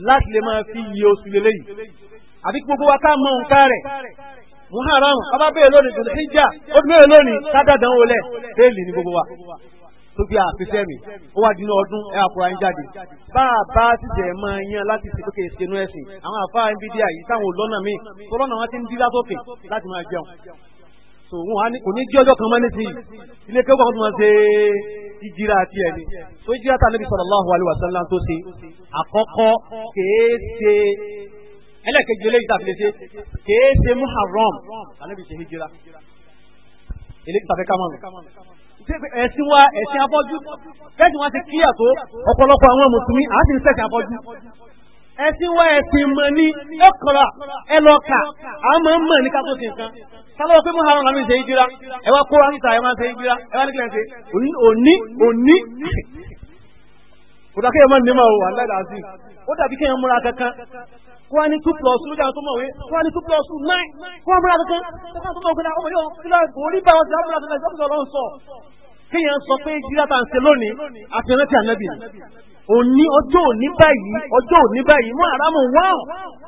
láti lè máa fi iye oṣù lélẹ̀ yìí àbí gbogbo wa ká mọ nǹkan rẹ̀ muharram bàbá bẹ́ẹ̀ lónìí tó ti jà ó ti bẹ́ẹ̀ lónìí sádàdàn ó lẹ̀ bẹ́ẹ̀lì ní gbogbo wa tó bí àfisẹ́ mi ó wá dínú ọdún ẹ àkùrà ń jáde bá a bá tìjẹ́ máa yan láti ṣe kókè ìṣẹ́nu ẹ̀sìn àwọn àfáà ń bí díà yìí táwọn olọ́nà míì tó lọ́nà wọn ti ń dí látòkè láti máa jẹun so wọn kò ní jí ọjọ́ kan mọ́ nísìnyí ilé kẹ́kọ̀ọ́ tó máa ṣe é jíjíra àti ẹni tó jíra tá níbi sallallahu alaihi wasallam tó ṣe àkọ́kọ́ kèé ṣe ẹlẹ́ẹ̀kejì eléyìí tàbí ṣe kèé ṣe muharram tàbí ṣe hijira eléyìí tàbí kámọ́ ẹ̀sìn wa ẹ̀sìn abọ́jú bẹ́ẹ̀ni wọ́n ti kíyà tó ọ̀pọ̀lọpọ̀ àwọn mùsùlùmí àá sì ń sẹ̀sìn abọ́jú ẹ̀sìn wa ẹ̀sìn mọ̀ ní ẹ̀kọ́ra ẹ̀lọ́ka àmọ́ mọ̀ ní ká tó ṣe nǹkan sábà pé muhammed lami ṣe ìjira ẹ wá kóra níta ẹ wá ṣe ìjira ẹ wá ní kílẹ̀ ṣe òní òní. kò dá kéèyàn máa ní wò wà láìda sí ó dàbí kéèyàn múra kankan kó ní two plus two lójà tó mọ̀ wé kó wá ní two plus two nine kó múra kankan tó mọ̀ ọmọ yóò múra kankan ìjọba òní ọjọ́ òní báyìí ọjọ́ òní báyìí mú àràmù wọn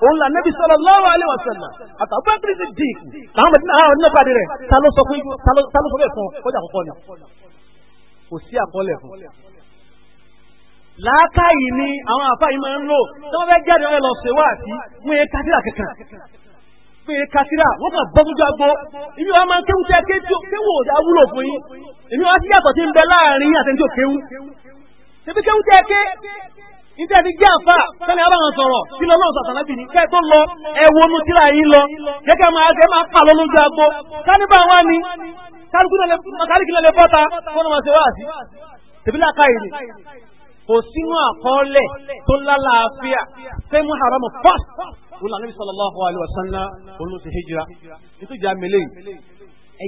òun là nẹ́bí sallallahu alaihi wasallam àtàwọn ẹgbẹ́ ti dì láwọn bẹ̀rẹ̀ náà ọdún náà rẹ̀ ta ló sọ fún ta ló sọ bẹ́ẹ̀ fún ọjà àkọ́kọ́ ni kò sí àkọọ́lẹ̀ fún. làákàyè ni àwọn àfáàyè máa ń lò tí wọ́n fẹ́ jáde wọn lọ ṣèwọ́ àti mú e kásírà kankan mú e kásírà wọ́n kàn bọ́ sójú agbo ibi wọn máa kéwù tẹ́ kéwù òdà wúlò fún yín èmi wọn ti yàtọ̀ tí ń bẹ láàrin àtẹ̀ntì òkéwù ṣebí kéwù tẹ́ ké níta ti jẹ́ àfa sani abahan sọ̀rọ̀ kí lọ́nà ọ̀sàtàlá bì ní ká tó lọ ẹ wọnú tíra yín lọ jẹ́kẹ́ máa ṣe máa kà lọ lójú agbo káníbà wá ni káríkìlẹ̀ lè bọ́ta kó ló máa ṣe wáàsí tèmi láka ìrìn kò sínú àkọọ́lẹ̀ tó lálàáfíà fẹ́ mú haramu fọ́s wọn lànà bisọ lọ́wọ́ àlè wàsán ńlá olóhùn hijira nítorí ìjà mélé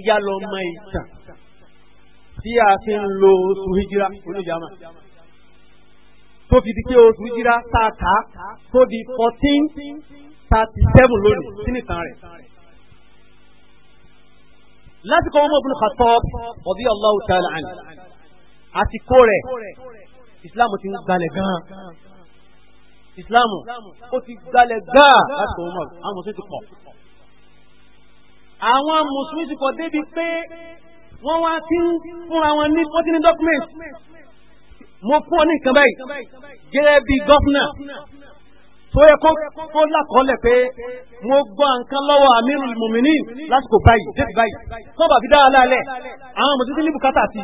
lọ́ọ́ máa ìtàn tó fi di pé oṣù jíra tá a kà á tó di fourteen thirty seven lónìí sí nìkan rẹ̀. lásìkò Umar ibn Khattab radiyallahu ta'ala anhu àsìkò rẹ̀ ìsìláàmù ti ń gbalẹ̀ gan-an ìsìláàmù ó ti gbalẹ̀ gan-an lásìkò Umar àwọn mùsùlùmí ti pọ̀. àwọn mùsùlùmí ti pọ̀ débi pé wọ́n wá ti ń fúnra wọn ní fourteen documents mo fún ọ ní nǹkan báyìí gẹ́gẹ́ bí gọ́fúnà tó yẹ kó lákọọ́lẹ̀ pé mo gbọ́ nǹkan lọ́wọ́ amirul muminin lásìkò báyìí dé báyìí tó bàbí dáa lálẹ́ àwọn mọ̀títí ní bùkátà sí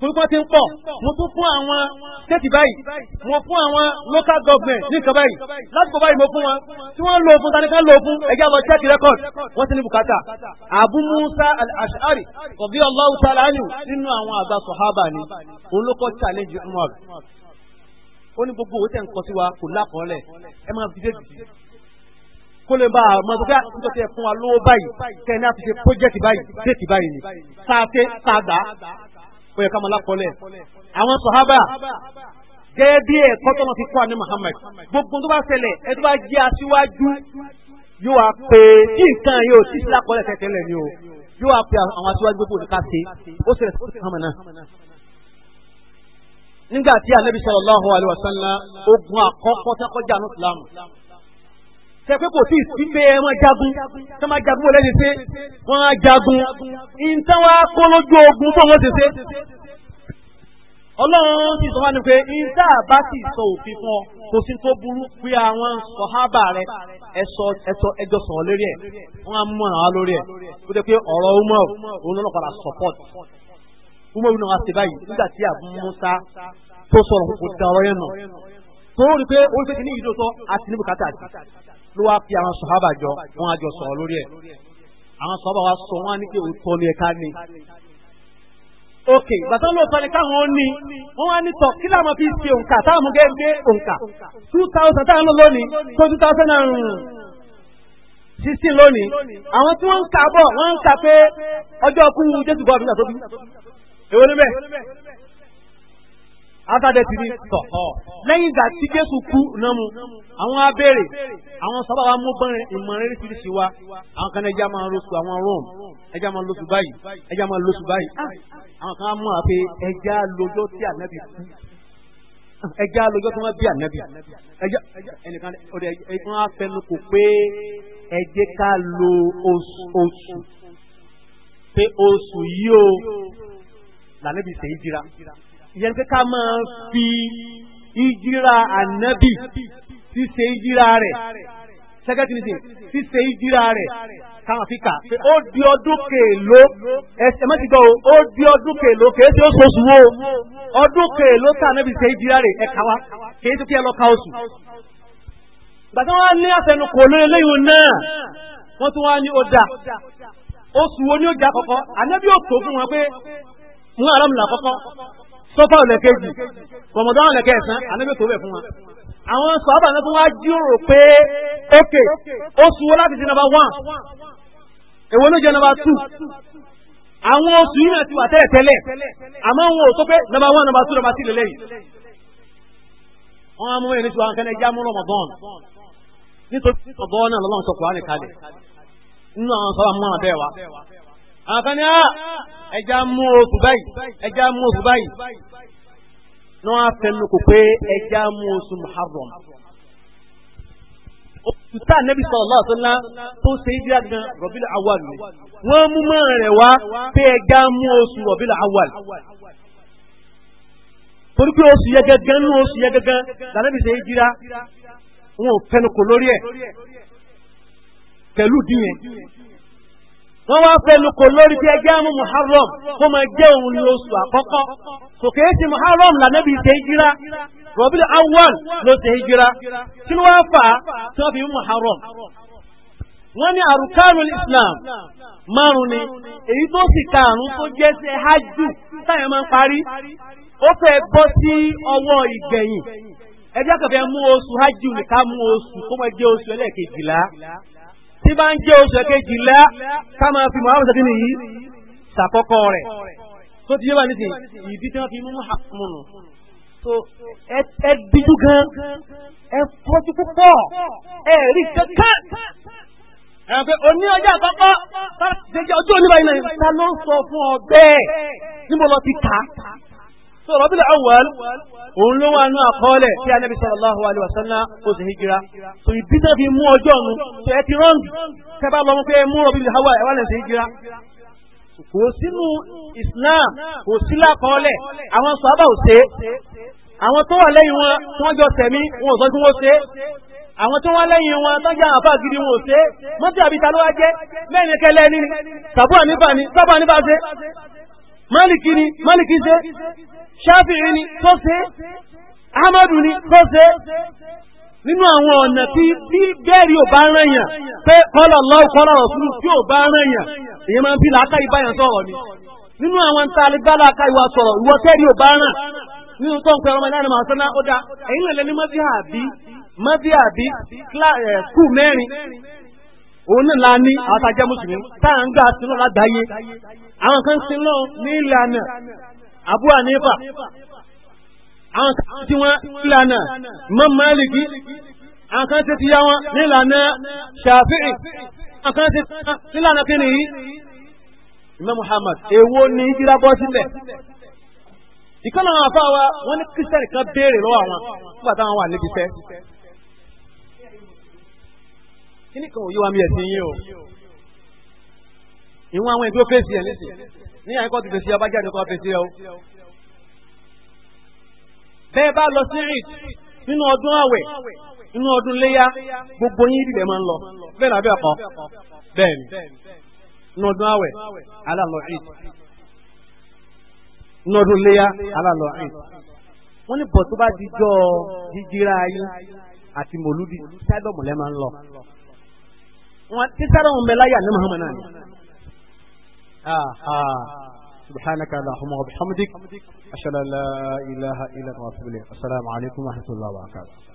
torípọ́ ti ń pọ̀ mo tún fún àwọn state báyìí mo fún àwọn local government ní nǹkan báyìí lásìkò báyìí mo fún wọn tí wọ́n lo fún tanika lo fún ẹgbẹ́ àwọn check record wọ́n ti ní Bukata. Abu Musa al-Ash'ari kọ̀bí Allahu ta'ala anhu nínú àwọn àgbà sọ̀hábà ni olókọ́ challenge Umar ó ní gbogbo owó tẹ̀ ń kọ sí wa kò lákọọ́lẹ̀ ẹ máa fi dé dìde kó lè bá a mọ bí a ń tọ́tẹ̀ fún wa lówó báyìí kẹ́ ẹ ní àti ṣe project báyìí déètì báyìí ni sáà ó yẹ ká máa lápọ̀lẹ̀ àwọn sọ̀hábà gẹ́gẹ́ bí ẹ̀kọ́ tọ́nà ti kọ́ ni Muhammad gbogbo tó bá ṣẹlẹ̀ ẹ tó bá jẹ́ aṣíwájú yóò wá pé kí nǹkan yóò ti sí lápọ̀lẹ̀ tẹ̀tẹ̀lẹ̀ ni o yóò wá pé àwọn aṣíwájú gbogbo nìka ṣe ó ṣẹlẹ̀ sí ọ̀sẹ̀ kàmọ̀ nígbà tí Ànábì sallallahu alaihi wasallam ogun àkọ́kọ́ tẹ́kọ́jà ní Islam tẹ pé kò tí ì sí pé ẹ máa jagun tẹ máa jagun wọlé ṣe ṣe wọn á jagun nǹkan wa kó lójú ogun bó wọn ṣe ṣe. ọlọ́run sì sọ wá ní pé nta bá sì sọ òfin fún ọ kò sí tó burú pé àwọn sọ̀hábà rẹ ẹ̀sọ́ ẹ̀sọ́ ẹjọ́ sọ̀rọ̀ lórí ẹ̀ wọ́n á mú àwọn lórí ẹ̀ kó jẹ́ pé ọ̀rọ̀ umar òun lọ́nà padà support umar náà ṣe báyìí nígbà tí Abu Musa tó sọ̀rọ̀ kò da ọ̀rọ̀ yẹn nà tó rí pé orí pé kìíní yìí tó sọ àti níbùkátà àti ló wá pe àwọn sọ̀hábà jọ wọ́n jọ sọ̀rọ̀ lórí ẹ̀ àwọn sọ̀hábà wa sọ wọ́n á pé òótọ́ ni ẹ̀ka ni. ok gbàtọ́ ló ni káwọn ó ní wọ́n ní tọ̀ kí fi ṣe òǹkà táwọn mú gẹ́gẹ́ òǹkà two thousand táwọn lò lónìí tó two thousand and sixteen lónìí àwọn tí wọ́n ń kà bọ̀ wọ́n ń kà pé after ti ni tọ̀ ọ̀ lẹ́yìn ìgbà tí Jésù kú náà mu àwọn abéèrè àwọn sábà wa mú bọ́n ìmọ̀ràn eréṣiríṣi wa àwọn kan ẹja máa lóṣù àwọn Rome ẹja máa lóṣù báyìí ẹja máa lóṣù báyìí ah! àwọn kan á mú àpé ẹja lọ́jọ́ tí ànábì kú ah! ẹja lọ́jọ́ tí wọ́n bí ànábì ẹja ẹnìkan ọ̀dẹ ẹ̀kan á fẹnu kò pé ẹ jẹ́ ká lo oṣù pé oṣù yìí o lànàbì sèé jira. ìyẹn pé ká máa fi ìjírà ànábì ṣíṣe ìjírà rẹ̀ sẹ́kẹ́tìlìsì ṣíṣe ìjírà rẹ̀ káwọn fi kà pé ó di ọdún kèèló ẹsẹ̀ mọ́ ti gbọ́ o ó di ọdún kèèló kèé tí ó sọ̀sù wo ọdún kèèló tá ànábì ṣe ìjírà rẹ̀ ẹ̀ka wa kèé tí kí lọ oṣù. wọn ní àfẹnukò lórí eléyìí náà wọn tún wá ní oṣù wo ni ó jà kọ́kọ́ ànábì ò tó fún wọn pé wọn sọ́fà ọ̀lẹ́kẹ́jì kọ̀mọ̀dán ọ̀lẹ́kẹ́sán anábì tó bẹ̀ fún wa àwọn sọ́fà náà tó wá jíròrò pé ókè oṣù wo láti di nọ́mbà one èwo ló jẹ́ nọ́mbà two àwọn oṣù yìí náà ti wà tẹ́lẹ̀ tẹ́lẹ̀ àmọ́ wọn ò sọ pé nọ́mbà one nọ́mbà two nọ́mbà three lélẹ́yìn wọn á mú ẹni tí wọn kẹ́ni já mú rọmọdán nítorí ọgọ́ náà lọ́wọ́ sọ àwọn kan ní à ah, ẹja mú oṣù báyìí ẹja mú oṣù báyìí ní wọ́n á fẹnu kò pé ẹja mú oṣù muharram tuta nabi sallallahu alaihi wasallam tó ṣe é díra gan rọbìlì awal ni wọ́n mú mọ́rin rẹ̀ wá pé ẹja mú oṣù rọbìlì awal torí pé oṣù yẹ gẹ́gẹ́ nínú oṣù yẹ gẹ́gẹ́ lànàbì ṣe é díra wọn ò fẹnu kò lórí ẹ̀ pẹ̀lú díyẹn. wọ́n wá fẹnu kò lórí bí ẹgbẹ́ mú muharram kó máa jẹ́ òun ní oṣù àkọ́kọ́ kò kèé ti muharram lànàbí ṣe hijira rọ̀bìlì awwal ló ṣe hijira kí ló wá fà á tí wọ́n fi mú muharram. wọ́n ní islam márùn ni èyí tó sì karùn tó jẹ́ ṣe hajj táyà máa ń parí ó tí bá ń jẹ́ oṣù kejìlá ká máa fi muhammadu sẹ́kìnì yìí ṣàkọ́kọ́ rẹ̀ tó ti yé wà nísìnyí ìdí tí wọ́n fi mú mùnú so ẹ díjú gan ẹ fọ́jú púpọ̀ ẹ rí kankan ẹ pé òní ọjà àkọ́kọ́ ṣèjì ọjọ́ oníbàyìí náà ta ló ń sọ fún ọ bẹ́ẹ̀ níbo lọ ti kà á so Rabiul Awwal òun ló wà nú àkọọ́lẹ̀ tí Ànábì sallallahu alaihi wasallam ó sì hijira so ìdí náà fi mú ọjọ́ nu ṣe ẹ ti rọ́ǹdì kẹ bá lọ mú pé mú Rabiul Awwal ẹ wà lẹ́sẹ̀ hijira kò sínú Islam kò sí lákọọ́lẹ̀ àwọn sọ́ọ́bà ò ṣe àwọn tó wà lẹ́yìn wọn tí wọ́n jọ tẹ̀mí wọn ò sọ pé wọ́n ṣe àwọn tó wá lẹ́yìn wọn tọ́jà àfà gidi wọn ò ṣe mọ́tí àbíta ló wá jẹ́ lẹ́yìn kẹlẹ́ ní tàbí àníbà ní tọ́bà àníbà ṣe maliki ni maliki ni tó ṣe ahmadu ni tó ṣe nínú àwọn ọ̀nà tí tí bẹ́ẹ̀rí ò bá rányàn pé qala Allahu qala Rasulu tí ò bá rányàn èyí máa ń fi ni nínú àwọn tá a aka bá ìwà sọ̀rọ̀ ìwọ tẹ́ẹ̀rí ò bá ràn nínú tó ń pẹ́ ọmọ ìlànà màá sọ́nà ó dá èyí lè mọ́bí òun náà la ní àtàjẹ́ mùsùlùmí tá à ń gbà sínú lágbàáyé àwọn kan sin náà ní ìlànà Abu Hanifa àwọn kan tí wọ́n ìlànà Imam Maliki àwọn kan ti ti ya wọn ní ìlànà Shafi'i àwọn kan ti ti ní kí nìyí Imam Muhammad èwo ni ìdíra bọ́ sílẹ̀ ìkànnì àwọn àfáà wa wọ́n ní kírísítẹ́nì kan béèrè lọ́wọ́ àwọn nígbà táwọn wà níbi iṣẹ́ kíní kan ò yé wa mi ẹ̀sìn yín o ìwọ̀n àwọn ètò fèsì ẹ̀ nísìn ní àyíkọ́ ti fèsì abájáde kọ́ fèsì ẹ̀ o. bẹ́ẹ̀ bá lọ sí rìd nínú ọdún àwẹ̀ nínú ọdún léyà gbogbo yín ìdílé máa ń lọ bẹ́ẹ̀ lábẹ́ ọ̀kan bẹ́ẹ̀ ni nínú ọdún àwẹ̀ alálọ̀ rìd nínú ọdún léyà alálọ̀ rìd wọ́n ní bọ̀ tó bá dijọ́ jíjíra yín àti mòlúdi tábọ̀ mọ̀lẹ́ máa ń lọ. سبحانك اللهم وبحمدك أشهد أن لا إله إلا أنت أستغفرك السلام عليكم ورحمة الله وبركاته